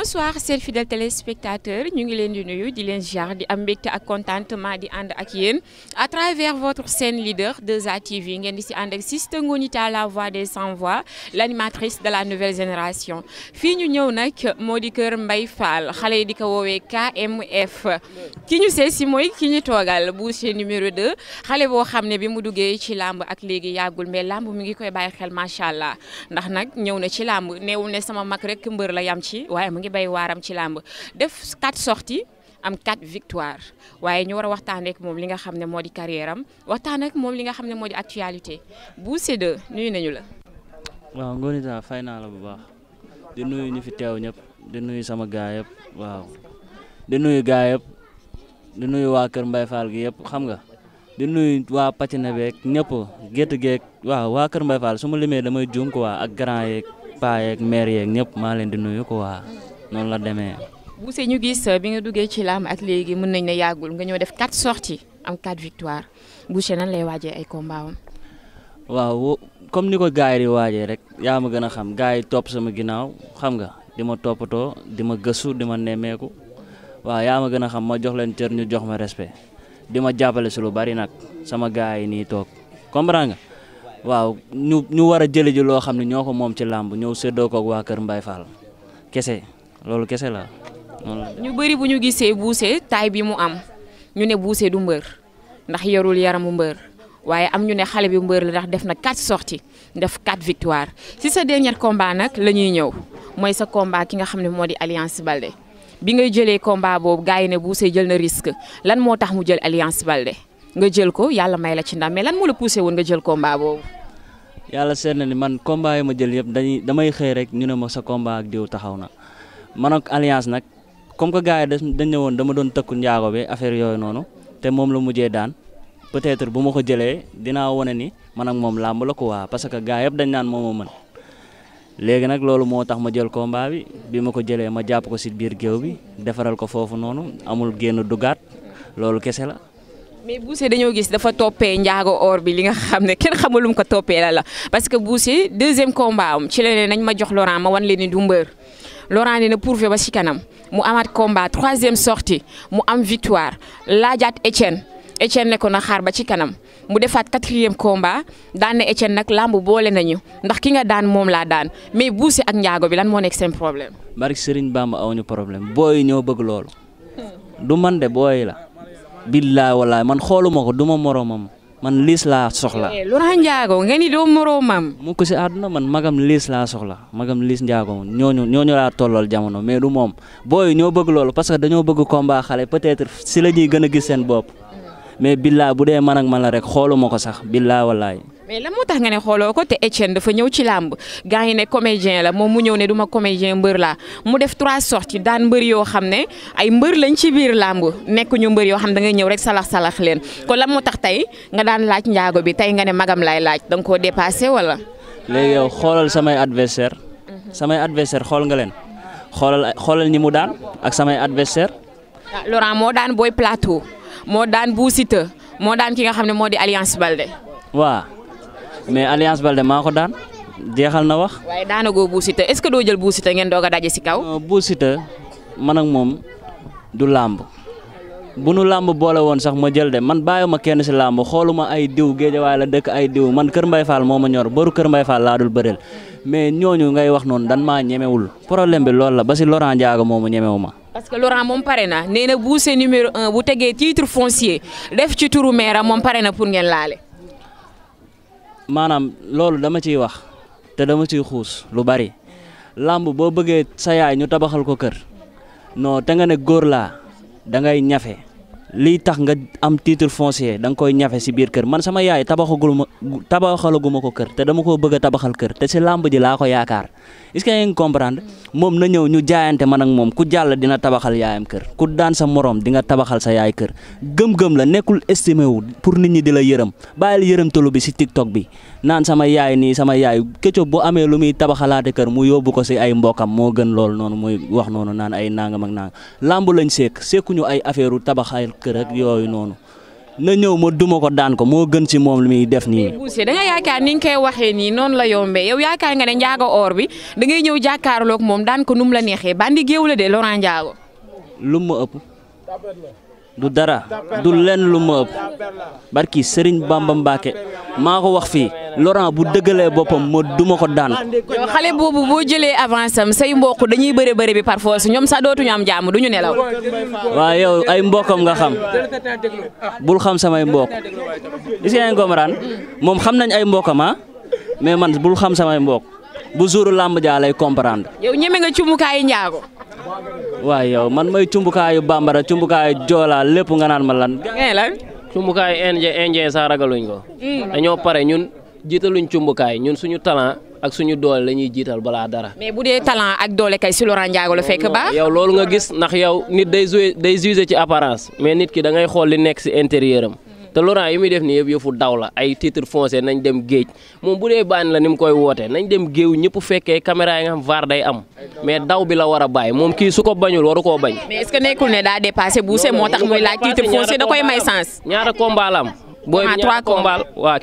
bonsoir seen fidèle téléspectateur ñu ngi leen di nuyu di leen jaar di am mbégte ak contentement di ànd ak yéen à travers votre scène leader 2A TV ngeen di si ànd ak Siste Ngoni la voix des sans voix l' de la nouvelle génération fii ñu ñëw nag moo di kër mbay Fall xale yi di ko woowee KMF ki ñu seet si mooy ki ñu toogal boucher numéro deux xale boo xam ne bi mu duggee ci làmb ak léegi yàggul mais lamb mu ngi koy bàyyi xel macha allah ndax nag ñëw na ci làmb neewul ne sama mag rek mbër la yam ci ngi bay waaram ci làmb def quatre sorties am quatre victoire waaye ñu war a waxtaan rek moom li nga xam ne moo di carrière am waxtaan rek moom li nga xam ne moo di actualité bu Siteu nuyu nañu la. waaw Ngonita fay naa la bu baax di nuyu ñu fi teew ñëpp di nuyu sama gaa yëpp waaw di nuyu gaa yëpp di nuyu waa Kër Mbaye Fall gi yëpp xam nga di nuyu waa Patina beeg ñëpp gétt geeg waaw waa Kër Mbaye Fall su ma limee damay juum waa ak grand yeeg paa yeeg ñëpp maa leen di nuyu quoi. noonu la demee. Bousse ñu gis bi nga duggee ci laam ak léegi mën nañ ne yàggul nga ñëw def quatre sorties am quatre victoire Bousse nañ lay waajee ay combat am. waaw comme ni ko gars di waajee rek yaa ma gën a xam gars yi topp sama ginnaaw xam nga di ma toppatoo di ma gëstu di ma nemmeeku waaw yaa ma gën a xam ma jox leen cër ñu jox ma respect di ma jàppale si lu bari nag sama gars yi nii toog comprendre nga waaw ñu ñu war a jëli ji loo xam ne ñoo ko moom ci làmb ñëw séddoo koog waa Kër Mbaye Fall kese. loolu kese la ñu bëri bu ñu gisee buuse taay bi mu am ñu ne buuse du mbër ndax yorul yaramu mbër waaye am ñu ne xale bi mbër la ndax def na 4 sorties def 4 victoire si sa dernier combat nag la ñuy ñëw mooy sa combat ki nga xam ne moo di Alliance Baldé bi nga jëlee combat boobu gars ne buuse jël na risque lan moo tax mu jël Alliance Baldé nga jël ko yàlla may la ci ndam mais lan moo la poussé woon nga jël combat boobu. yàlla seet na ni man combat ma jël yëpp dañuy damay xëy rek ñu ne ma sa combat ak diw taxaw na. man ak alliance nag comme que gars yi dañ ne woon dama doon tëkku njaago bi affaire yooyu noonu te moom la mujjee daan peut-être bu ma ko jëlee dinaa wone ni man ak moom làmb la quoi parce que gars yëpp dañ naan moo ma mën léegi nag loolu moo tax ma jël combat bi bi ma ko jëlee ma jàpp ko si biir géew bi defaral ko foofu noonu amul génn dugaat loolu kese la. mais Bousse dañoo gis dafa toppee njaago or bi li nga xam ne kenn xamul ko toppee la la parce que Laurent na pourvu ba ci kanam mu amaat combat troisième sortie mu am victoire laajaat Étienne Étienne ne ko na xaar ba ci kanam mu defaat quatrième combat daan na Étienne nag làmb boole nañu ndax ki nga daan moom laa daan mais buusi ak njaago bi lan moo nekk seen problème. Barke Serigne Bamba awuñu problème booy ñoo bëgg loolu. du man de booy la. billaay wallaay man xooluma ko du ma moroomam man liis laa soxla. Eh, lu tax njaago nga ni doo moroomam. mu ko si àdduna man magam liis laa soxla magam liis njaago ñooñu ñooñu laa tollool jamono mais du moom booy ñoo bëgg loolu parce que dañoo bëgg combat xale peut-être si la ñuy gën a gis seen bopp mm. mais billaa bu dee manag ak la rek xooluma ko sax billaa wallaay. mais la moo tax nga ne xooloo ko te Etienne dafa ñëw ci làmb gars yi ne comédien la moom mu ñëw ne du ma comédien mbër laa mu def trois sorties daan mbëri yoo xam ne ay mbër lañ ci biir làmb nekk ñu mbër yoo xam da ngay ñëw rek salaax salax leen kon lan moo tax tey nga daan laaj njaago bi tey nga ne magam laay laaj danga nga koo dépassé walla léegi yow xoolal samay adversaire samay adversaire xool nga leen xoolal xoolal ni mu daan ak samay adversaire ah, Laurent moo daan Boy Plateau moo daan Bou moo daan ki nga xam ne moo di Alliance Baldé waaw mais alliance Balde maa ko daan jeexal na wax. waaye daanagoo Bou Siteu est-ce que doo jël Bou ngeen doog a daje si kaw. Bou man ak moom du làmb bu nu làmb boole woon sax ma jël de man bàyyiwuma kenn si làmb xooluma ay diw géejawaay la dëkk ay diw man Kër Mbaye Fall moo ma ñor baru Kër Mbaye Fall laa dul bëreel mais ñooñu ngay wax noonu dan maa ñemewul problème bi loolu la ba si Laurent Ndiago moomu ñemewu ma. parce que Laurent moom pare na nee na bu maanaam loolu dama ciy wax te dama ciy xuus lu bari làmb boo bëggee sa yaay ñu tabaxal ko kër noo te nga ne góor laa da ngay ñafe liy tax nga am titre foncier da nga koy ñafe si biir kër man sama yaay tabaxagul tabaxaguma tabaxalaguma ko kër te dama ko bëgg a tabaxal kër te si làmb ji laa ko yaakaar est-ce comprendre moom na ñëw ñu jaayante man ak moom ku jàll dina tabaxal yaayam kër ku daan sa moroom di nga tabaxal sa yaay kër gëm-gëm la nekkul estimé wu pour nit ñi di la yërëm bàyyil yërëmtalu bi si TikTok bi naan sama yaay nii sama yaay Ketchup boo amee lu muy tabaxalaate kër mu yóbbu ko si ay mbokam moo gën loolu noonu mooy wax noonu naan ay nangam ak nangam lañ seek seekuñu ay affaire tabaxal kër ak yooyu noonu na ñëw ma duma ko daan ko moo gën si moom li muy def nii. Boucher da nga yaakaar ni nga koy waxee nii noonu la yombee yow yaakaar nga ne njaago or bi da ngay ñëw jàkkaarloog moom daan ko nu mu la neexee bandi géew la de Laurent Ndiago. lu mu ma ëpp. du dara du lenn lu ma ëpp barki Serigne Bamba Mbacke maa ko wax fii Laurent bu dëggalee boppam ma ko daan. yow xale boobu boo jëlee avance am say mbokk dañuy bëri bëri bi par force ñoom sax dootuñu am jàmm duñu nelaw. waaw yow ay mbokkam nga xam bul xam samay mbokk gis ngeen comprendre moom xam nañ ay mbokkam ah mais man bul xam samay mbokk bu jour làmb jaa lay comprendre. yow ñeme nga cumukaay njaago. waaw yow man may cumbukaayu bambara cumbukaayu joolaa lépp nga naan ma lan. ngay lan. cumbukaayu NG NG saa ragaluñ ko. Mm. dañoo pare ñun jiitaluñ cumbukaay ñun suñu talent ak suñu doole la ñuy jiital balaa dara. mais bu dee talent ak doole kay si Laurent Ndiago la fekk ba. yow loolu nga gis ndax yow nit day joué ci apparence mais nit ki da ngay xool li nekk si intérieur am. te Laurent yi muy def nii yëfu daw la ay titre foncé nañ dem géej moom bu dee bànn la ni mu koy woote nañ dem géew ñëpp fekkee caméra nga xam vaar day am mais daw bi la war a bàyyi moom kii su ko bañul waru koo bañ. daa da koy may sens. ñaata combat am. booy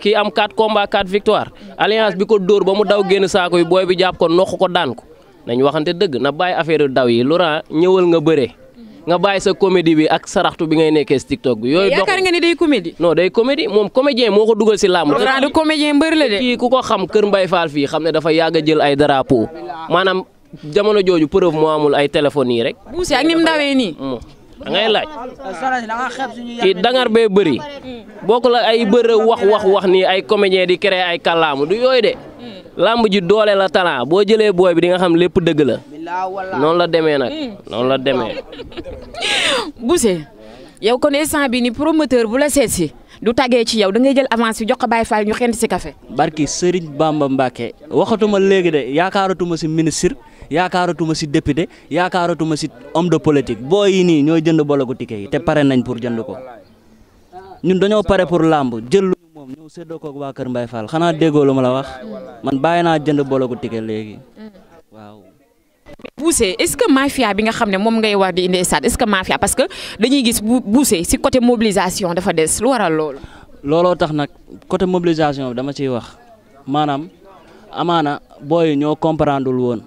kii am 4 combat 4 victoire alliance bi ko dóor ba mu daw génn saako yi booy bi jàpp ko noq ko daan ko nañ waxante dëgg na bàyyi affaire daw yi Laurent ñëwal nga bëree nga bàyyi sa comédie bi ak saraxtu bi ngay nekkee si TikTok bi. yooyu dox yaakaar nga ni day comédie. non day comédie moom comédien moo ko dugal si làmb. programme comédien mbër la de. kii ku ko xam Kër Mbaye Fall fii xam ne dafa yàgg a jël ay drapeau maanaam jamono jooju preuve moo amul ay téléphones yi rek. buusi ak nii. da ngay laaj kii dangar bee bëri mm. bokk la ay bër wax wax wax nii ay comédien di créer ay kàllaamu du yooyu de. Mm. làmb ji doole la talaa boo jëlee booy bi di nga xam lépp dëgg la noonu la demee nag hmm. noonu la demee. Bousse yow kon instant bi ni promoteur bu la seet si du tàggee ci yow da ngay jël avance bi jox ko Baye Fall ñu xent si café. barki Serigne Bamba Mbacke waxatuma léegi de yaakaaratuma si ministre yaakaaratuma si député yaakaaratuma si homme de politique booy yi nii ñooy jënd bologu ticket yi te pare nañ pour jënd ko ñun dañoo pare pour làmb jël moom ñëw séddoo koog waa Kër Mbaye Fall xanaa déggoo lu ma la wax man bàyyi naa jënd bologu ticket léegi waaw. Boucher est-ce que mafia bi nga xam ne moom ngay war di indi stade est-ce que mafia parce que dañuy gis Boucher ci côté mobilisation dafa des lu waral loolu. looloo tax nag coté mobilisation bi dama ci wax maanaam amaana booy ñoo comprendre woon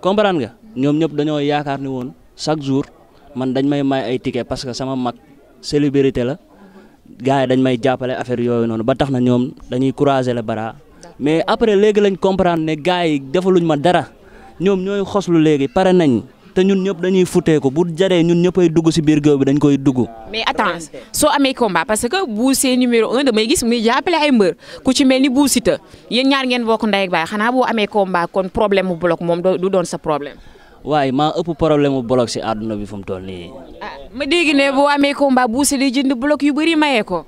comprendre nga ñoom ñëpp dañoo yaakaar ni woon chaque jour man dañ may may ay ticket parce que sama gars yi dañ may jàppale affaire yooyu noonu ba tax na ñoom dañuy croiser la bras mais après léegi lañ comprendre ne gars yi defaluñ ma dara ñoom ñooy xoslu léegi pare nañ te ñun ñëpp dañuy futee ko bu jaree ñun ñëppay dugg si biir géew bi dañ koy dugg. mais attends soo amee combat parce que bu see numéro un damay gis muy jàppale ay mbër ku ci mel ni Bou Siteu yéen ñaar ngeen bokk ndey ak baay xanaa boo amee combat kon problème mu bloc moom du doon sa problème. waaye maa ëpp problème mu si àdduna bi fu mu toll nii. Ah, ma dégg ne bu amee combat Bou Siteu di jënd bloc yu bëri mayee ko.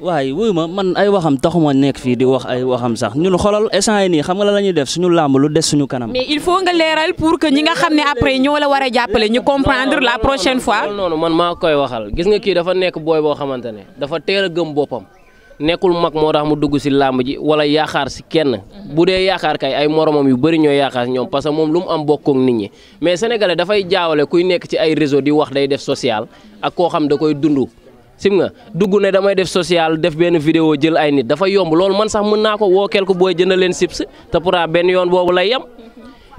waaye wuy ma man ay waxam taxuma nekk fii di wax ay waxam sax ñun xoolal instant yi nii xam nga la la ñuy def suñu làmb lu des suñu kanam. mais il faut nga leeral pour que ñi nga xam ne après ñoo la war a jàppale ñu comprendre la prochaine fois. non man maa koy waxal gis nga kii dafa nekk booy boo xamante ne dafa teel a gëm boppam. nekkul mag moo tax mu dugg si làmb ji wala yaakaar si kenn bu dee yaakaar kay ay moromam yu bëri ñoo yaakaar ñoom parce que moom lu mu am bokkook nit ñi mais sénégalais dafay jaawale kuy nekk ci ay réseau di wax day def social ak koo xam da koy dund sim nga dugg ne damay def social def benn vidéo jël ay nit dafa yomb loolu man sax mën naa ko woo quelque booy jënd leen sips te pourtant benn yoon boobu lay yem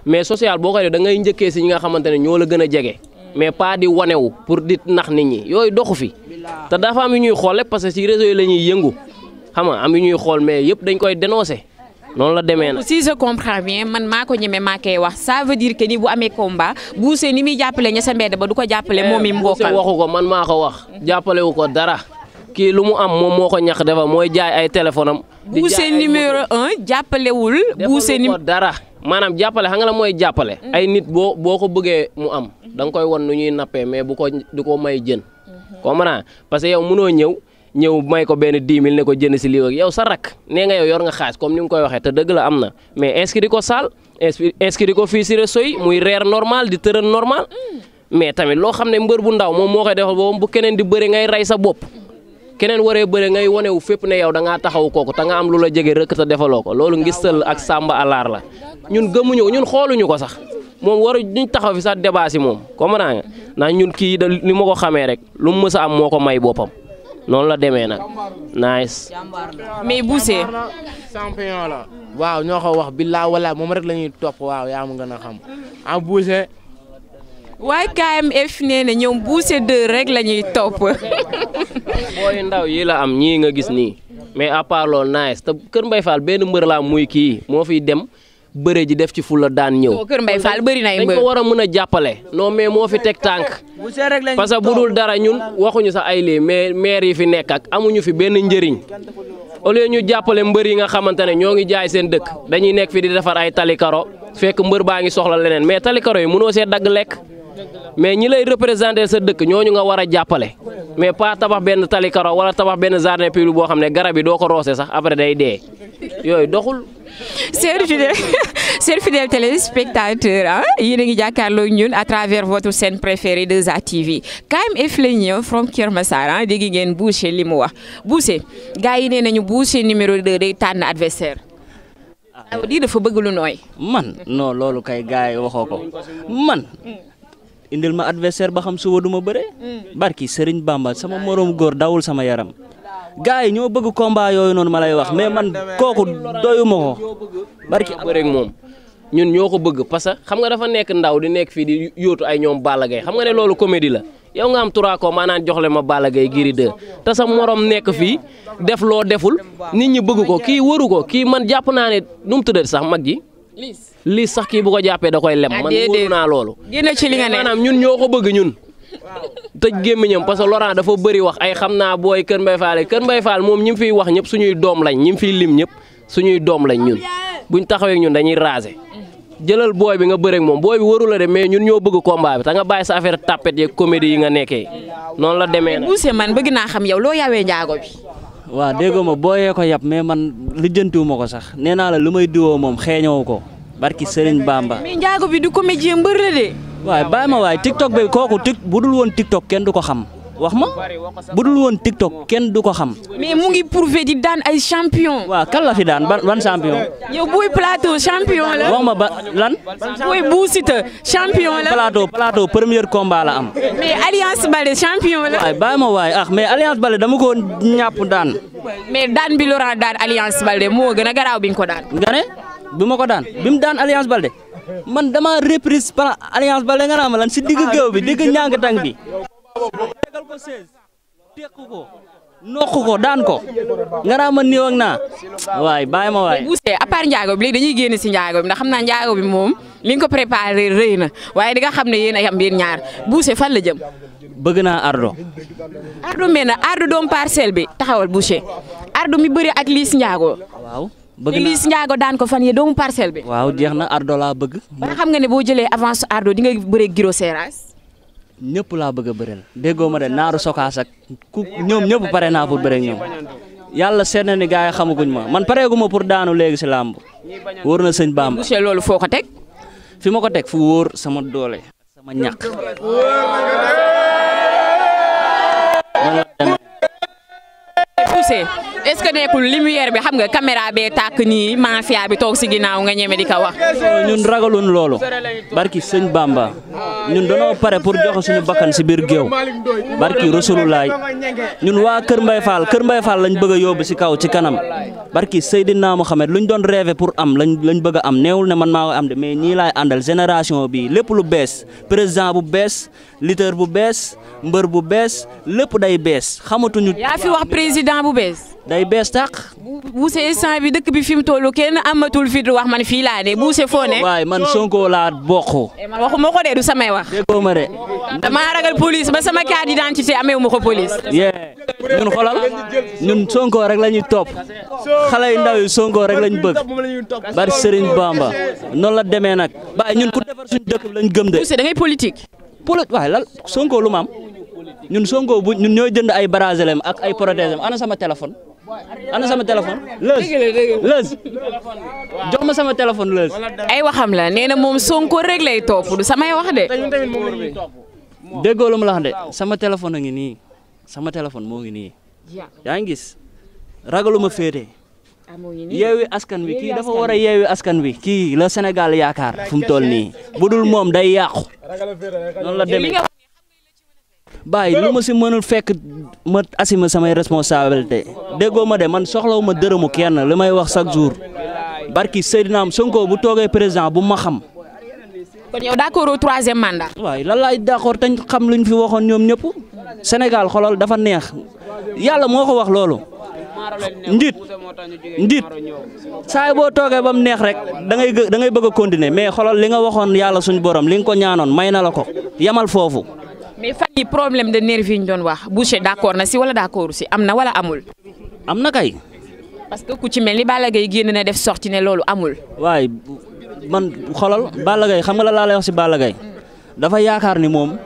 mais social boo koy def da ngay njëkkee si ñi nga xamante ne ñoo la gën a jege mais pas di wanewu pour di nax nit ñi yooyu doxu fi te daafa am yu ñuy xool parce que si réseau yi la ñuy yëngu xam nga am yu ñuy xool mais yëpp dañ koy dénoncer noonu la demee na si je comprends bi man maa ko ñeme maa koy wax ça veut dire que bu amee combat buuse ni muy jàppale ña sa mbedd ba du ko jàppale. Eh, moom i mbokkal waxu ko man maa ko wax. jàppalewu ko dara. kii lu mu am moom moo ko ñax dafa mooy jaay ay téléphone am. di jaay ay buuse numéro un jàppalewul. buuse numéro dara. maanaam jàppale xam nga la mooy jàppale. Mm. ay nit boo boo ko bëggee mu am. Mm-hmm. danga koy won nu ñuy nappee mais bu ko du ko may jën. Mm-hmm. comprends parce que yow mënoo ñëw ñëw may ko benn dix mille ne ko jënd si lii ak yow rak nee nga yow yor nga xaas comme ni nga koy waxee te dëgg la am na mais inscrit ko saal inscrit ko fii si réseau yi muy reer normal di tërën normal mm. mais tamit loo xam ne mbër bu ndaw moom moo koy defal boppam bu keneen di bëri ngay rey sa bopp. keneen waree bëre ngay wone wu fépp ne yow da ngaa taxaw kooku te nga am lu la jege rëkk te defaloo ko loolu ngistal ak sàmba alaar la ñun gëmuñu ko ñun xooluñu ko sax moom waru ñu taxaw fi sax débat si moom kom nga ndax ñun kii da li ma ko xamee rek lu mu mës a am moo ko may boppam noonu la demee nag nice. mais Bousse. champion la waaw ñoo ko wax billaa wala moom rek la ñuy topp waaw yaa ma gën a xam am ah, waaye KMF nee na ñoom Boucher 2 rek la ñuy topp. booy ndaw yii la am ñii nga gis nii mais à part loolu te Kër Mbaye Fall benn mbër laa muy kii moo fiy dem. bëre ji def ci fula daan ñëw. Kër mbay Fall bëri na ay mbër dañ ko war a mën a jàppale. non mais moo fi teg tànk. parce que bu dul dara ñun waxuñu sax ay lii mais maire yi fi nekk ak amuñu fi benn njëriñ au ñu jàppale mbër yi nga xamante ne ñoo ngi jaay seen dëkk dañuy nekk fi di defar ay talikaro fekk mbër baa ngi soxla leneen mais talikaro yi mënoo see dagg lekk. mais ñi lay représenté sa dëkk ñooñu nga war a jàppale mais pas tabax benn tali wala tabax benn jardin public boo xam ne garab yi doo ko roose sax après day dee yooyu doxul. seen fidèle seen fidèle téléspectateur ah yéen a ngi jàkkaarloo ñun à travers seen scène préférée 2A TV KMF la ñëw from Kër Massar ah dégg ngeen Boucher li mu wax Boucher gars yi nee nañu Boucher numéro 2 day tànn adversaire. ah dafa bëgg lu nooy. man noo loolu kay gars yi waxoo ko man. Mm. indil ma adversaire ba xam suba du ma bëre. Mm. barki Serigne Bamba sama moroom góor dawul sama yaram. gars yi ñoo bëgg combat yooyu noonu ma lay wax mais man kooku doyuma ko. barki rek moom ñun ñoo ko bëgg parce que xam nga dafa nekk ndaw di nekk fii di yóotu ay ñoom balagay xam nga ne loolu comédie la. yow nga am trois ko maanaam jox le ma Balla Gaye Gris 2 te sa moroom nekk fii def loo deful nit ñi bëgg ko kii waru ko kii man jàpp naa ne nu mu tuddati sax mag ji. liis sax kii bu ko jàppee da koy lem ah, man wóor naa loolu génn ci li nga ne ñun ñoo ko bëgg ñun tëj gémmiñam parce que Laurent dafa bëri wax ay xam naa booy Kër Mbaye Fall Kër Mbaye faal moom ñi mu fiy wax ñëpp suñuy doom lañ ñi mu fiy lim ñëpp suñuy doom lañ ñun ñu taxawee ñun dañuy raser jëlal booy bi nga bëreeg moom booy bi waru la de mais ñun ñoo bëgg combat bi te nga bàyyi sa affaire tapet yeeg comédie yi nga nekkee noonu la demee. buuse man bëgg naa xam yow loo yawee njaago bi. waaw déggoo ma booyee ko yab mais man lijjantiwuma ko sax nee naa la lu may diwoo moom xeeñoo ko barki Serigne Bamba. mais njaago bi du comédien mbër la de. waaw bàyyi ma waay TikTok bi kooku tik bu dul woon TikTok kenn du ko xam. wax ma bu woon woon TikTok kenn du ko xam. mais mu ngi prouvé di daan ay champion. waaw kan la fi daan ban ban champion. yow buy plateau champion la. wax ma ba lan. buy Bou Siteu la. plateau plateau premier combat am. mais Alliance Baldé champion la. waay bàyyi ma waay ah mais Alliance dama ko ñàpp daan. mais daan bi Laurent daan Alliance Baldé moo gën a garaaw bi ko daan. nga ne bi ma ko daan bi mu daan Alliance Baldé man dama reprise par Alliance Baldé nga naa ma lan si digg géew bi digg ñàng bi. tegal ko seize teq daan ko nga naa ma néew ak naa waay bàyyi ma waay. njaago bi léegi dañuy génn si njaago bi ndax naa njaago bi moom li ko préparé rëy na waaye di nga xam ne yéen a yam yéen ñaar buusee fan la jëm. bëgg naa ardo. ardo mel na ardo doom parcelle bi taxawal boucher ardo mi bëri ak liis njaago. waaw naa liis njaago daan ko fan yee doomu parcelle bi. waaw jeex na ardo la bëgg. ba xam nga ne boo jëlee avance ardo di nga bëree giro seeraas. ñëpp laa bëgg a bëreel déggoo ma de naaru sokaas ak ku ñoom ñëpp pare naa pour bëre ak ñoom yàlla seet na ni gars yi xamaguñ ma man pareegu ma pour daanu léegi si làmb wóor na sëñ Bamba. monsieur loolu foo ko teg. fi ma ko teg fu wóor sama doole sama ñàkk. poussé. est-ce que nekkul lumière bi xam nga caméra bee tàkk nii mafia bi toog si ginnaaw nga ñeme di ko wax. ñun ragaluñ loolu barki sëñ bàmba ñun danoo pare pour joxe suñu bakkan si biir géew barki Rasulullah ñun waa Kër Mbaye Fall Kër Mbaye Fall lañ bëgg a yóbbu si kaw ci kanam barki Seydina Mohamed luñ doon rêvé pour am lañ lañ bëgg a am neewul ne man maa am de mais ñii laay àndal génération bi lépp lu bees président bu bees leader bu bees mbër bu bees lépp day bees xamatuñu. yaa président bu bees. day bees tàq. buuse instant bi dëkk bi fi mu toll kenn amatul fi wax man fii laa de buuse foo ne. waaye man Sonko laa bokk. Eh, man waxuma ko de du samay wax. ma de. damaa ragal police ba sama carte d'identité amee ma ko police. yee ñun xoolal ñun Sonko rek la ñuy topp xale yu ndaw yi Sonko rek lañ bëgg bari Serigne Bamba noonu la demee nag waaye ñun ku defar suñ dëkk lañ gëm de. buuse da ngay politique. Sonko lu ma ñun Sonko bu ñun ñooy jënd ay barazelem ak ay protégem ana sama téléphone. ana sama téléphone. lëz lëz ma sama téléphone lëz. ay waxam la nee na moom Sonko rek lay topp du samay wax de. déggoo lu mu de sama téléphone a ngi nii sama téléphone moo ngi nii. yaa ngi gis ma féete. Ah, yeewi askan wi kii dafa war a yeewi askan wi kii la Sénégal yaakaar fu mu toll nii budul moom day yàqu la demee. bàyyi lu ma si mënul fekk ma assumer samay responsabilité déggoo ma de man soxlaw ma dërëmu kenn li may wax chaque jour barki Seydina am Sonko bu toogee président bu ma xam. kon yow troisième mandat. waaye lan laay d'accord te xam luñ fi waxoon ñoom ñëpp Sénégal xolol dafa neex yàlla moo ko wax loolu. njiit njiit saay boo toogee ba mu neex rek da ngay da ngay bëgg continuer mais xolal li nga waxoon yàlla suñ borom li nga ko ñaanoon may na la ko yamal foofu. mais fan yi problème de nervi yi ñu doon wax Boucher d'accord na si wala d'accord si am na wala amul. am na kay. parce que ku ci mel ni Balla Gaye génn na def sorti ne loolu amul. waaye man xolal Balla xam nga la laa lay si Balla Gaye dafa yaakaar ni moom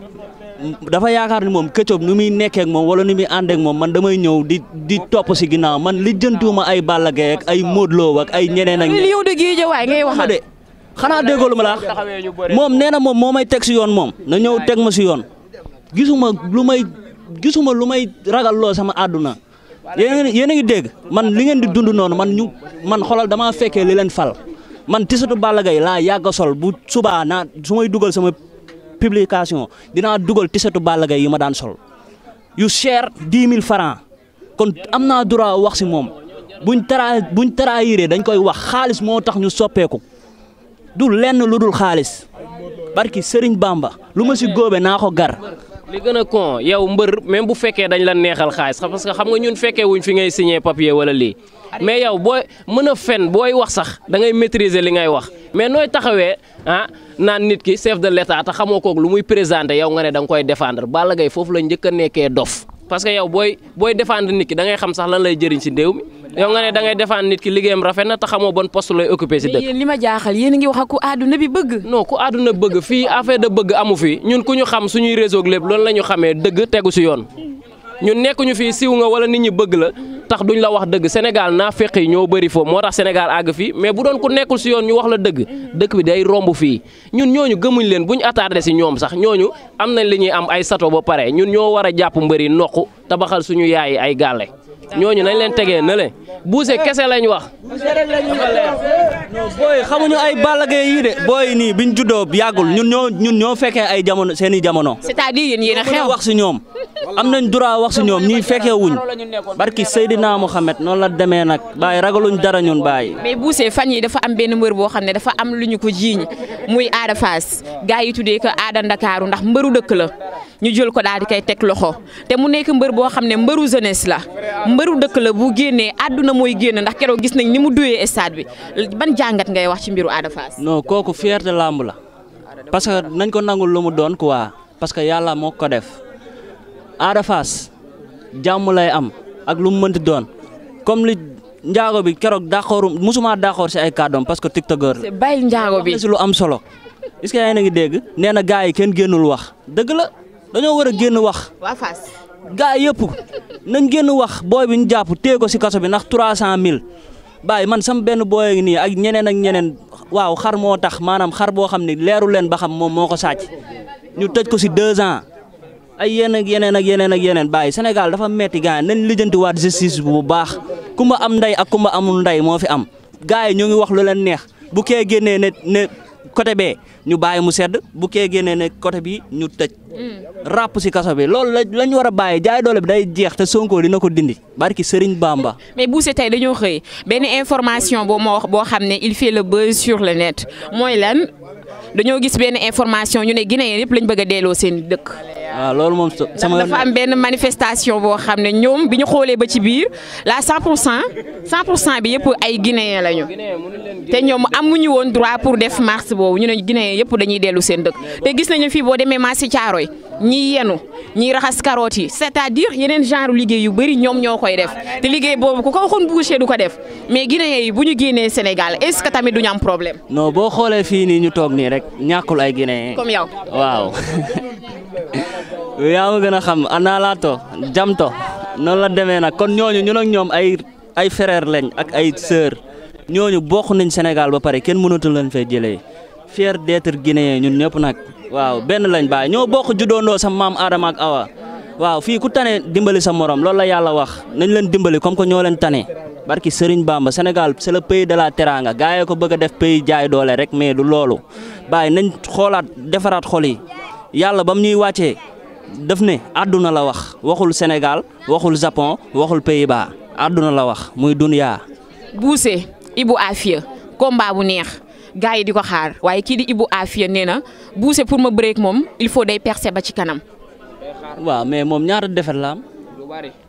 dafa yaakaar ni moom Ketchup nu muy nekkeek moom wala nu muy àndee moom man damay ñëw di di topp si ginnaaw man li jëntuuma ay Balla Gaye ak ay Modou Lo ak ay ñeneen ak. ñoom ngay wax de xanaa déggoo lu ma la moom nee na moom moo may teg si yoon moom na ñëw teg ma si yoon. gisuma lu may gisuma lu may ragal loo sama àdduna yéen yéen a ngi dégg man li ngeen di dund noonu man ñu man xolal damaa fekkee li leen fal man tisatu Balla Gaye laa yàgg a sol bu subaa naa su dugal sama publication dinaa dugal tisatu Balla Gaye yi ma daan sol yu cher dix mille francs kon am naa droit wax si moom buñ tara buñ trahiré dañ koy wax xaalis moo tax ñu soppeeku du lenn lu dul xaalis barki Sëriñ Bamba lu ma si góobe naa ko gar li gën a con yow mbër même bu fekkee dañ la neexal xaalis parce que xam nga ñun fekkee wuñ fi ngay signé papier wala lii mais yow boo mën a fen booy wax sax da ngay maîtriser li ngay wax mais nooy taxawee ah naan nit ki chef de l'état te xamoo kook lu muy présenté yow nga ne da koy défendre Balla Gaye foofu la njëkk a nekkee dof parce que yow booy booy nit ki da xam sax lan lay jëriñ si ndéew mi yow nga ne dangay defaan nit ki liggéeyam rafet na te xamoo bon poste lay occupé si dëkk. li ma jaaxal yéen a ngi wax ak ku àdduna bi bëgg. non ku àdduna bëgg fii affaire de bëgg amu fi ñun ku ñu xam suñuy réseau lépp loolu la ñu xamee dëgg tegu si yoon ñun nekkuñu fii siw nga wala nit ñi bëgg la tax duñu la wax dëgg Sénégal naa feq yi ñoo bëri foofu moo tax Sénégal àgg fii mais bu doon ku nekkul si yoon ñu wax la dëgg dëkk bi day romb fii ñun ñooñu gëmuñ leen buñ attardé si ñoom sax ñooñu am nañ li ñuy am ay sato ba pare ñun ñoo war a jàpp mbëri noq tabaxal suñu yaay ay gàlle ñooñu nañ leen tegee na le buuse kese lañ wax. booy xamuñu ay Balla Gaye yi de booy nii biñ bi yàggul ñun ñoo ñun ñoo fekkee ay jamono seen i jamono. c'est-à-dire yéen yéen xew wax si ñoom. am nañ droit wax si ñoom ñii fekkee wuñ barki Seydina Mohamed noonu la demee nag bàyyi ragaluñ dara ñun bàyyi. mais buuse fan yi dafa am benn mbër boo xam ne dafa am lu ñu ko jiiñ muy Ada Fass gars yi tuddee ko aada Ndakaaru ndax mbëru dëkk la. ñu jël ko daal di koy teg loxo te mu nekk mbër boo xam ne mbëru jeunesse la mbëru dëkk la bu génnee àdduna mooy génn ndax keroog gis nañ ni mu duyee stade bi ban jàngat ngay wax ci mbiru Ada Fass. non kooku fierté làmb la parce que nañ ko nangul lu mu doon quoi parce que yàlla moo ko def Ada jàmm lay am ak lu mu mënti doon comme li njaago bi keroog d'accord musumaa d'accord si ay kàddoom parce que tiktokeur la. bàyyil njaago bi si lu am solo. est-ce que ngi dégg nee na gars yi kenn génnul wax dañoo war a génn wax. waa Fass. gaa yëpp nañ génn wax booy bi ñu jàpp téye ko si kaso bi ndax 300000 bàyyi man sam benn booy ak nii ak ñeneen ak ñeneen waaw xar moo tax maanaam xar boo xam ne leeru leen ba xam moom moo ko sàcc ñu tëj ko si 2 ans. ay yéen ak yeneen ak yeneen ak yeneen bàyyi Sénégal dafa metti gars yi nañ lijjantiwaat justice bu baax kumba am ndey ak kumba amul ndey moo fi am gars yi ñu ngi wax lu leen neex bu kee ne côté bee ñu bàyyi mu sedd bu kee génnee ne côté bi ñu tëj. Mm. ràpp si kaso bi loolu la la ñu war a bàyyi jaay doole bi day jeex te Sonko dina ko dindi barki Serigne Bamba. mais Bousse tey dañoo xëy benn information boo ma boo xam ne il fait le buzz sur le net mooy lan dañoo gis benn information ñu ne Guinéen yëpp lañ bëgg a delloo seen dëkk. waaw loolu moom sama dafa am benn manifestation boo xam ne ñoom bi ñu xoolee ba ci biir la 100 pour cent 100 bi yëpp ay guinéen lañu te ñoom amuñu woon droit pour def marche boobu ñu ne guinéen yëpp dañuy dellu seen dëkk te gis nañu fii boo demee marché Thiaroye ñiy yenu ñiy raxas carottes yi c'est-à-dire yeneen genre liggéey yu bëri ñoom ñoo koy def te liggéey boobu ku ko waxoon boucher du ko def mais guinéen yi bu ñu génnee Sénégal est-ce que tamit duñu am problème. non boo xoolee fii nii ñu toog nii rek ñàkkul ay guinéen. yow yaa ma gën a xam analaato jamto noonu la demee nag kon ñooñu ñun ak ñoom ay ay frère lañ ak ay sœur ñooñu bokk nañ Sénégal ba pare kenn mënatul leen fee jëlee fier d'être guinéen ñun ñëpp nag waaw benn lañ baay ñoo bokk juddoondoo sa maam Adama ak Awa waaw fii ku tane dimbali sa morom loolu la yàlla wax nañ leen dimbali comme que ñoo leen tane barki Serigne Bamba Sénégal c'est le pays de la teraanga gars ko bëgg a def pays jaay doole rek mais du loolu bàyyi nañ defaraat xol def ne àdduna la wax waxul Sénégal waxul Japon waxul pays àdduna la wax muy duniyaa. Buuse Ibou Afia combat bu neex gars yi di ko xaar waaye kii di Ibou Afia nee na Buuse pour ma bëreek moom il faut day percer ba ci kanam. waaw mais moom ñaata defet la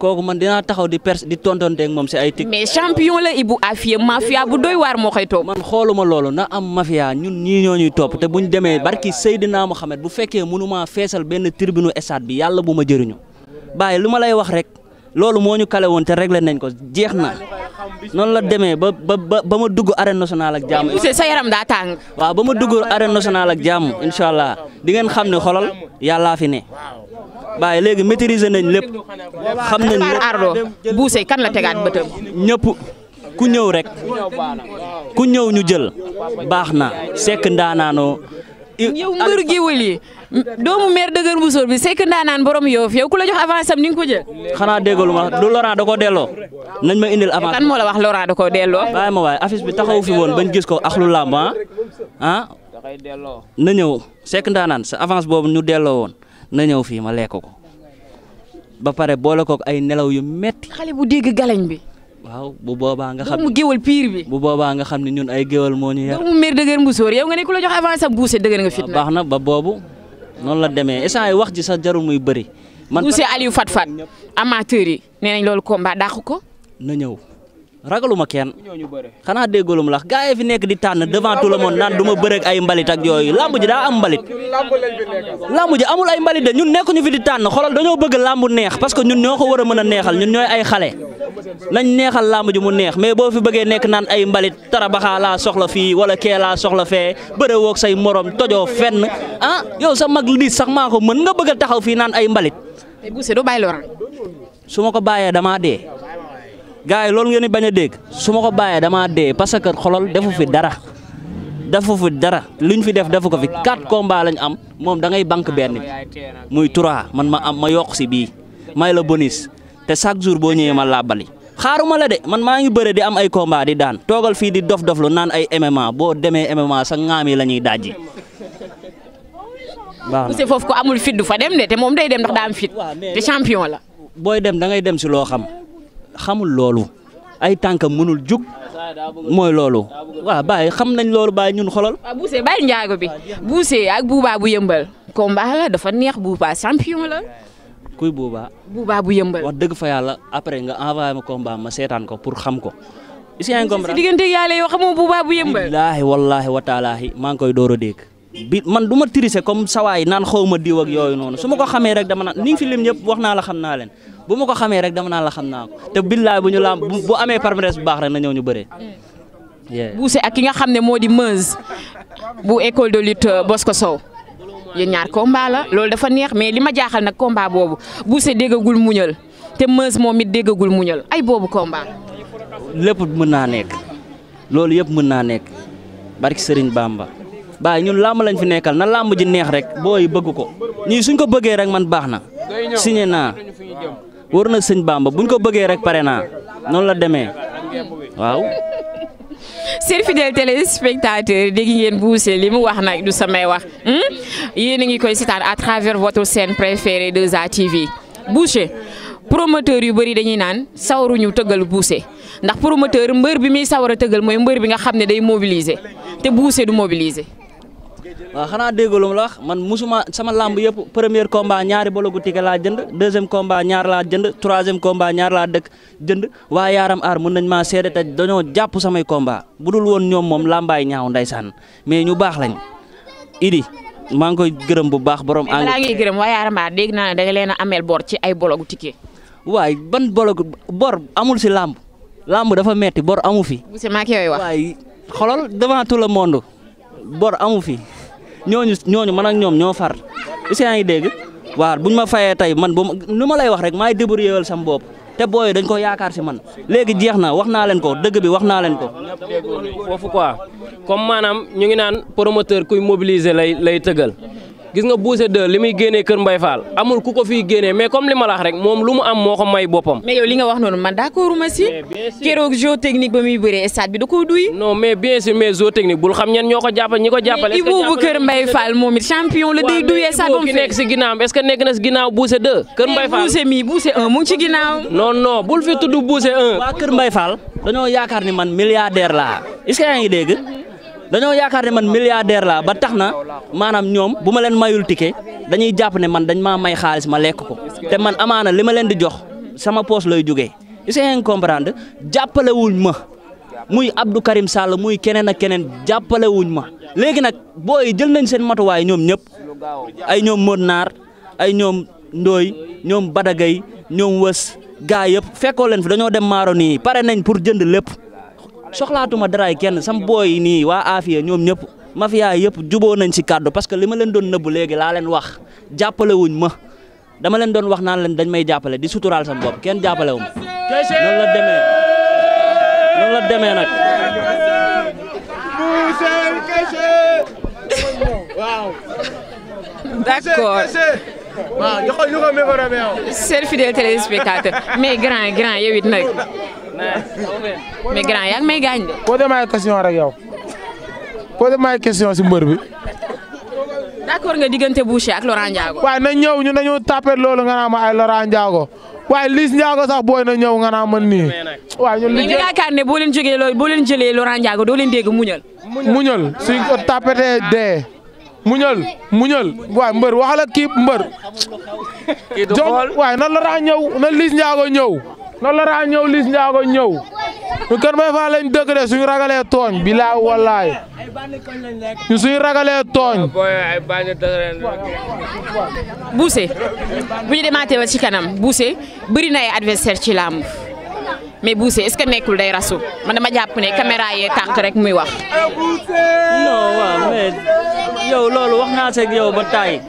kooku man dinaa taxaw di pers di tontonte ak moom si ay. tig mais champion la Ibou Afia mafia bu doy waar moo koy topp. man xooluma loolu na am mafia ñun ñii ñoo ñuy topp te bu ñu demee barki Seydina Mohamed bu fekkee mënuma feesal benn tribune stade bi yàlla bu ma jëriñu bàyyi lu ma lay wax rek loolu moo ñu kale woon te réglé nañ ko jeex na noonu la demee ba ba ba ma dugg arène nationale ak jàmm. sa yaram daa tàng. ba ma dugg arène nationale ak jàmm incha allah di xam ne xolal yàllaa fi ne. bàyyi léegi maîtriser nañ lépp xam nañ lépp Ardo buuse kan la tegaat bëtëm ñëpp ku ñëw rek ku ñëw ñu jël baax na sekk ndaanaanoo yow mbër gi wël yi doomu meer dëgër bu sóor bi sekk ndaanaan borom yoof yow ku la jox avance sam ni nga ko jël xanaa déggalu ma du Laurent da ko delloo nañ ma indil avance kan moo la wax Laurent da ko delloo bàyyi ma waaye affiche bi taxaw fi woon bañ gis ko axlu làmb ah, ah. na ñëw sekk ndaanaan sa avance boobu ñu delloo woon na ñëw fii ma lekk ko ba pare boole kook ay nelaw yu metti xale bu dégg galañ bi. waaw bu boobaa nga xam mu géwal piir bu boobaa nga xam ne ñun ay géwal moo ñu yar mu meer dëgër mu sóor yow nga ne ku la jox avance ak buuse dëgër nga fitna baax na ba boobu noonu la demee instant yi wax ji sax jarul muy bëri man buuse Aliou Fat Fat amateur yi nee nañ loolu combat ko na ñëw ragaluma kenn xanaa déggoolum lax gars yi fi nekk di tànn devant tout le monde naan du ma bëreeg ay mbalit ak yooyu làmb ji daa am mbalit làmb ji amul ay mbalit de ñun nekkuñu fi di tànn xoolal dañoo bëgg làmb neex parce que ñun ñoo ko war a mën a neexal ñun ñooy ay xale nañ neexal làmb ji mu neex mais boo fi bëggee nekk naan ay mbalit tarabaxaa laa soxla fii wala kee laa soxla fee bëre woog say morom tojoo fenn ah yow sa mag li sax maa ko mën nga bëgg a taxaw fii naan ay mbalit su ma ko bàyyee damaa dee gars yi loolu ngeen di bañ a dégg suma ma ko bàyyee damaa dee parce que xolol defu fi dara defu fi dara luñ fi def defu ko fi quatre combats lañu am moom dangay ngay banque benn muy trois man ma am ma yokk si bii may la bonus te chaque jour boo ñëwee ma làbbali xaaruma la de man maa ngi bëre di am ay combat di daan toogal fii di dof dof lu naan ay MMA boo demee MMA sa ŋaam yi la ñuy dajji. baax ko amul fit du fa dem de te moom day dem ndax daa am fit te champion la. booy dem da ngay dem si loo xam. xamul loolu ay tànkam mënul jug mooy loolu waa bàyyi xam nañ loolu baa ñun xolal waaw Bousse bàyyi njaago bi Bousse ak Bouba bu yëmbal combat la dafa neex Bouba champion la kuy Bouba Bouba bu yëmbal wax dëgg fa yàlla après nga envoyé ma combat ma seetaan ko pour xam ko si yaa ngi comprendre si diggante yàlla yoo xamoo Bouba bu yëmbal billaahi wallaahi wa taalaahi maa ngi koy door a dégg bi man duma ma triser comme sawaay naan xaw ma diw ak yooyu noonu su ma ko xamee rek dama naan ni nga fi lim ñëpp wax naa la xam naa leen bu ma ko xamee rek dama naa la xam naa ko te billaay bu ñu laam bu amee palmarès bu baax rek na ñëw ñu bëree. Bousse ak ki nga xam ne moo di Meuse bu école de lutte ko euh, Sow yéen ñaar combat loolu dafa neex mais li ma jaaxal nag kombaa boobu Bousse déggagul muñal te Meuse moom it déggagul muñal ay boobu combat. lépp mën naa nekk loolu yëpp mën naa nekk barki Serigne Bamba. baay ñun làmb lañ fi nekkal na làmb ji neex rek booy bëgg ko ñii suñ ko bëggee rek man baax na signé naa war na sëñ Bamba buñ ko bëggee rek pare naa noonu la demee waaw. seen fidèle téléspectateur dégg ngeen buuse li mu wax nag du samay wax hmm? yéen a ngi koy seetaan à travers votre scène préférée 2A TV Boucher promoteur yu bëri dañuy naan sawaruñu tëggal buuse ndax promoteur mbër bi muy sawar a tëggal mooy mbër bi nga xam ne day mobiliser te buu du mobiliser. waaw xanaa déggalum la wax man musuma sama lamb yëpp premier combat ñaari bologu ticket laa jënd deuxième combat ñaar laa jënd troisième combat ñaar laa dëkk jënd waa yaaram aar mun nañ maa seede te dañoo jàpp samay combat bu dul woon ñoom moom lamba lambaay ñaaw ndeysaan mais ñu baax lañ idi maa ngi koy gërëm bu baax borom. ànd laa ngi gërëm waa yaaram aar dégg naa ne da leen ameel bor ci ay bologu ticket. waa ban bologu bor amul si lamb lamb dafa metti bor amu fi. monsieur Mack waay xoolal devant tout le bor amu fi. ñooñu ñooñu man ak ñoom ñoo far si yaa ngi dégg waaw ñu ma fayee tey man bu nu ma lay wax rek maay débrouiller sam bopp te booy dañ ko yaakaar si man léegi jeex na wax naa leen ko dëgg bi wax naa leen ko. foofu quoi comme maanaam ñu ngi naan promoteur kuy mobiliser lay lay tëggal. gis nga Boucher 2 li muy génnee Kër Mbaye Fall amul ku ko fiy génnee mais comme li ma la wax rek moom lu am moo may boppam. mais yow li nga wax noonu man d'accord ma si. keroog géotechnique ba muy bëree stade bi da duy. non mais bien sûr mais géotechnique bul xam ñen ñoo ko ñi ko jàppale. est-ce que Kër Mbaye Fall moom it champion la day duyee stade bi nekk si ginnaaw Kër Mbaye Fall mais Boucher mii mu ngi ci ginnaaw. non bul fi tudd Boucher 1. Kër Mbaye Fall dañoo yaakaar ni man dañoo yaakaar ne man milliardaire laa ba tax na maanaam ñoom bu ma leen mayul ticket dañuy jàpp ne man dañ maa may xaalis ma lekk ko te man amaana li ma leen di jox sama poche lay jógee essayer comprendre jàppalewuñ ma muy Abdou Karim Sall muy keneen ak keneen jàppalewuñ ma léegi nag booy jël nañ seen matuwaay ñoom ñëpp ay ñoom mën Naar ay ñoom Ndooy ñoom Badagay ñoom Wës gaa yëpp fekkoo leen fi dañoo dem maaro nii pare nañ pour jënd lépp. soxlaatuma daraay kenn sam booy yi nii waa Afia ñoom ñëpp mafia yëpp juboo nañ si kàddu parce que li ma leen doon nëbb léegi laa leen wax jàppale wuñ ma dama leen doon wax naan leen dañ may jàppale di suturaal sam bopp kenn jàppale wu ma la demee noonu la demee nag. waaw. d'accord. waaw joxoon ñu mais grand yaa ngi de. posé ma ay question rek yow posé ma si mbër bi. d'accord nga diggante Boucher ak Laurent Ndiago. na ñëw ñu nañu tapé loolu nga naan ma ay Laurent Ndiago waaye Liss sax booy na ñëw nga naan nii. waaye ñun ne boo leen jógee loolu boo leen muñal. muñal suñ ko dee. muñal muñal waaye mbër waxala mbër. kii na Laurent ñëw na Liss Ndiago ñëw. noonu la daa ñëw Liss Ndiago ñëw ñu Kër Mbaye Fall lañ dëkk de suñu ragalee tooñ bilaa wallaay ñu suñu ragalee tooñ. buuse bu ñu demaatee ba ci kanam buuse bëri na ay adversaire ci làmb mais buuse est-ce que nekkul de rasu man dama jàpp ne caméra yee tànk rek muy wax. non waaw yow loolu wax naa seeg yow ba taay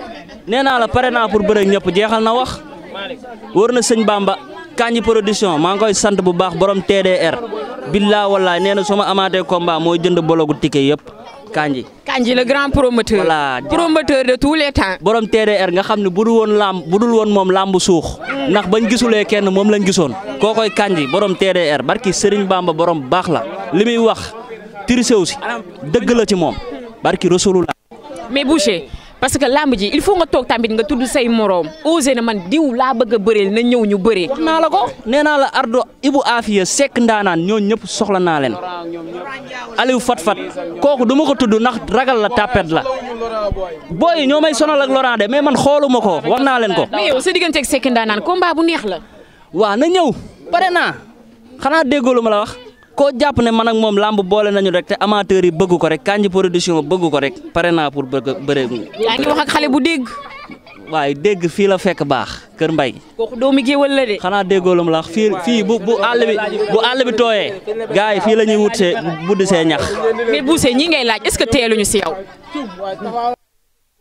nee naa la pare naa pour bëre ñëpp jeexal na wax wóor na sëñ Bamba. Kandji production maa koy sant bu baax borom TDR billaa wallaa nee na su ma amaatee combat mooy jënd bologu ticket yëpp Kandji. Kandji le grand promoteur. voilà promoteur de tous les temps. borom TDR nga xam ne bu dul woon làmb bu woon moom lamb suux ndax bañ gisulee kenn moom lañ gisoon koo koy Kandji borom TDR barki Serigne Bamba borom baax la li muy wax trisew si dëgg la ci moom barki la mais Boucher parce que làmb ji il faut nga toog tamit nga tudd say moroom osé na man diw laa bëgg a bëreel na ñëw ñu bëree. wax naa la ko nee naa la Ardo Ibou Afia Seck ndaanaan ñoo ñëpp soxla naa leen Aliou Fatfat kooku duma ma ko tudd ndax ragal la tapet la booy ñoo may sonal ak Laurent de mais man xooluma ko wax naa leen ko. mais yow sa digganteeg Seck ndaanaan combat bu neex la. wa na ñëw pare naa xanaa déggoo lu ma la wax. koo jàpp ne man ak moom làmb boole nañu rek te amateur bëgg ko rek Kandji production bëgg ko rek pare na pour bëgg bëre. yaa ngi wax xale bu dégg. waaye dégg fii la fekk baax Kër Mbay. kooku doomu géwël la de. xanaa déggoo la mu fii fii bu bu àll bi bu àll bi tooyee gars yi fii la ñuy wut see budd see ñax. mais Bousse ñi ngay laaj est-ce que teeluñu si yow.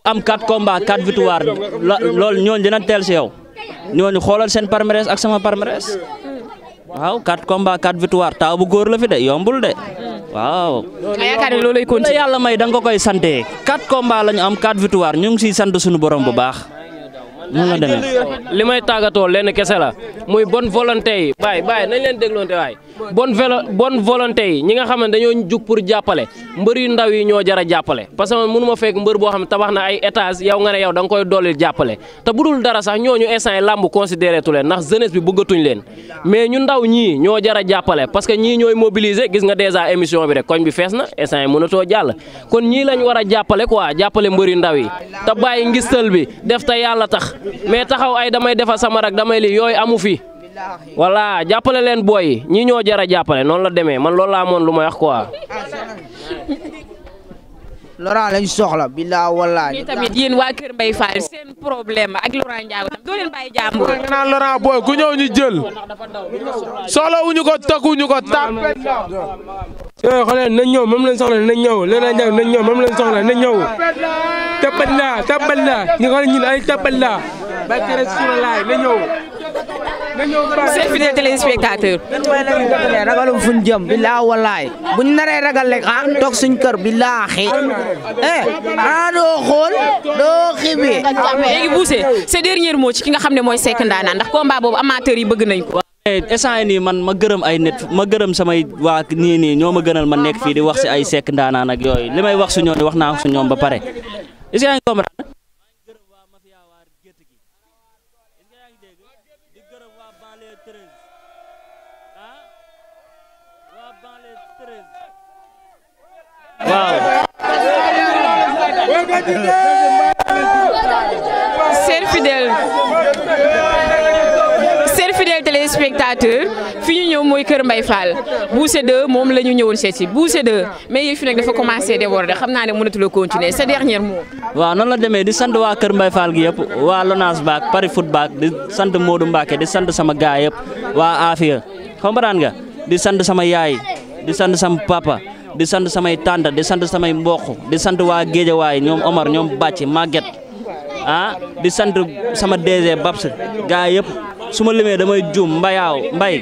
am 4 combats 4 victoires loolu ñooñu dina teel si yow ñooñu xoolal seen palmarès ak sama palmarès. waaw 4 combats 4 victoire taaw bu góor la fi de yombul de waaw. nga yaakaar ne loolay continué yàlla may da nga koy sante 4 combats lañu am 4 victoire ñu ngi siy sant suñu borom bu baax. mun la demee li may tàggatoo lenn kese la muy bon volonté yi. baay baay nañ leen dégloonte waay. bonne bonne volonté yi ñi nga xam ne dañoo jug pour jàppale mbër yu ndaw yi ñoo jar a jàppale parce que man mënu ma fekk mbër boo xam ne tabax na ay étage yow nga ne yow da koy dooleel jàppale te bu dul dara sax ñooñu instant yi làmb considéré tu leen ndax jeunesse bi bëggatuñ leen mais ñu ndaw ñii ñoo jar a jàppale parce que ñii ñooy mobiliser gis nga dèjà émission bi rek koñ bi fees na instant yi mënatoo jàll kon ñii lañ war a jàppale ko jàppale mbër yu ndaw yi te bàyyi ngistal bi def te yàlla tax mais taxaw ay damay defal sama rak damay li yooyu amu fi voilà jàppale leen booy yi ñii ñoo jar a jàppale noonu la demee man loolu laa moon lu may wax quoi. Laurent lañ soxla billaa wallaahi. ñii tamit yéen waa Kër Mbaye Fall seen problème ak Laurent Ndiago tam doo leen bàyyi jàmbur. naan Laurent booy ku ñëw ñu jël soxlawuñu ko takkuñu ko tàmpe yooyu eh, xoolee nañ ñëw moom lañ soxla nañ ñëw Léona Ndiaye nañ ñëw moom lañ soxla nañ ñëw tapal laa tapal laa na ñëw na ñëw seen fidèle téléspectateur ñun mooy lañu dëgg ragalum fuñ jëm billaa wallaay buñ naree ragal rek ah, kër billaahi eh ah doo xool doo xibi léegi buuse c'est dernier mot ci ki nga xam ne mooy Seck Ndanane ndax combat boobu amateur yi bëgg nañ ko essence eh, nii man ma gërëm ay nit ma gërëm samay waa nii nii ñoo ma gënal ma nekk fii di wax si ay sekk ndaanaan ak yooyu li may wax su ñoom wax naa su ñoom ba pare est-ce spectateurs fi ñu ñëw mooy Kër mbay Fall Boucher 2 moom la ñu ñëwoon seet si Boucher 2 mais yëf fi nag dafa commencé de xam naa ne mënatuloo continuer sa dernier mot. waaw noonu la demee di sant waa Kër Mbaye Fall gi yëpp waa Lonase baak Paris Foot baak di sant Modou mbaake di sant sama gaay yëpp waa Afia comprendre nga di sant sama yaay di sant sama papa. di sant samay tànta di sant samay mbokk di sant waa Géejawaay ñoom Omar ñoom Bàcc Maguette ah di sant sama DG Babs gaa yëpp su ma limee damay juum mbayaaw mbay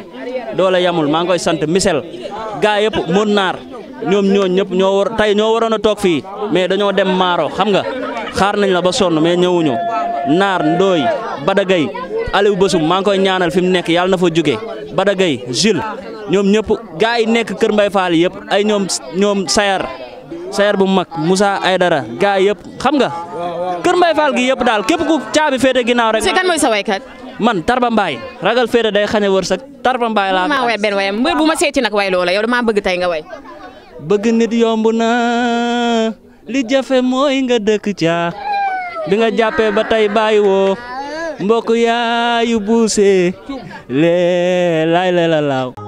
doole yamul maa ngi koy sant misel gaa yëpp mën naar ñoom ñoo ñëpp ñoo war tey ñoo waroon a toog fii mais dañoo dem maaro xam nga xaar nañ la ba sonn mais ñëwuñu naar ndooy badagay Aliou Basum maa ngi koy ñaanal fi mu nekk yàlla na fa jóge badagay Jules ñoom ñëpp gaa yi nekk Kër Mbay Fall yëpp ay ñoom ñoom sayar sayar bu mag ay dara gaa yëpp xam nga Kër Mbay Fall gi yëpp daal képp ku caabi féete ginnaaw rek. man Tarba Mbaye ragal féete day xañ a wërsëg Tarba Mbaye laa. mbër bu ma seeti nag way loola yow damaa bëgg tey nga way. bëgg nit yomb na li jafe mooy nga dëkk ca bi nga jàppee ba tey bàyyi woo mbokk yaayu buuse lee laay la laaw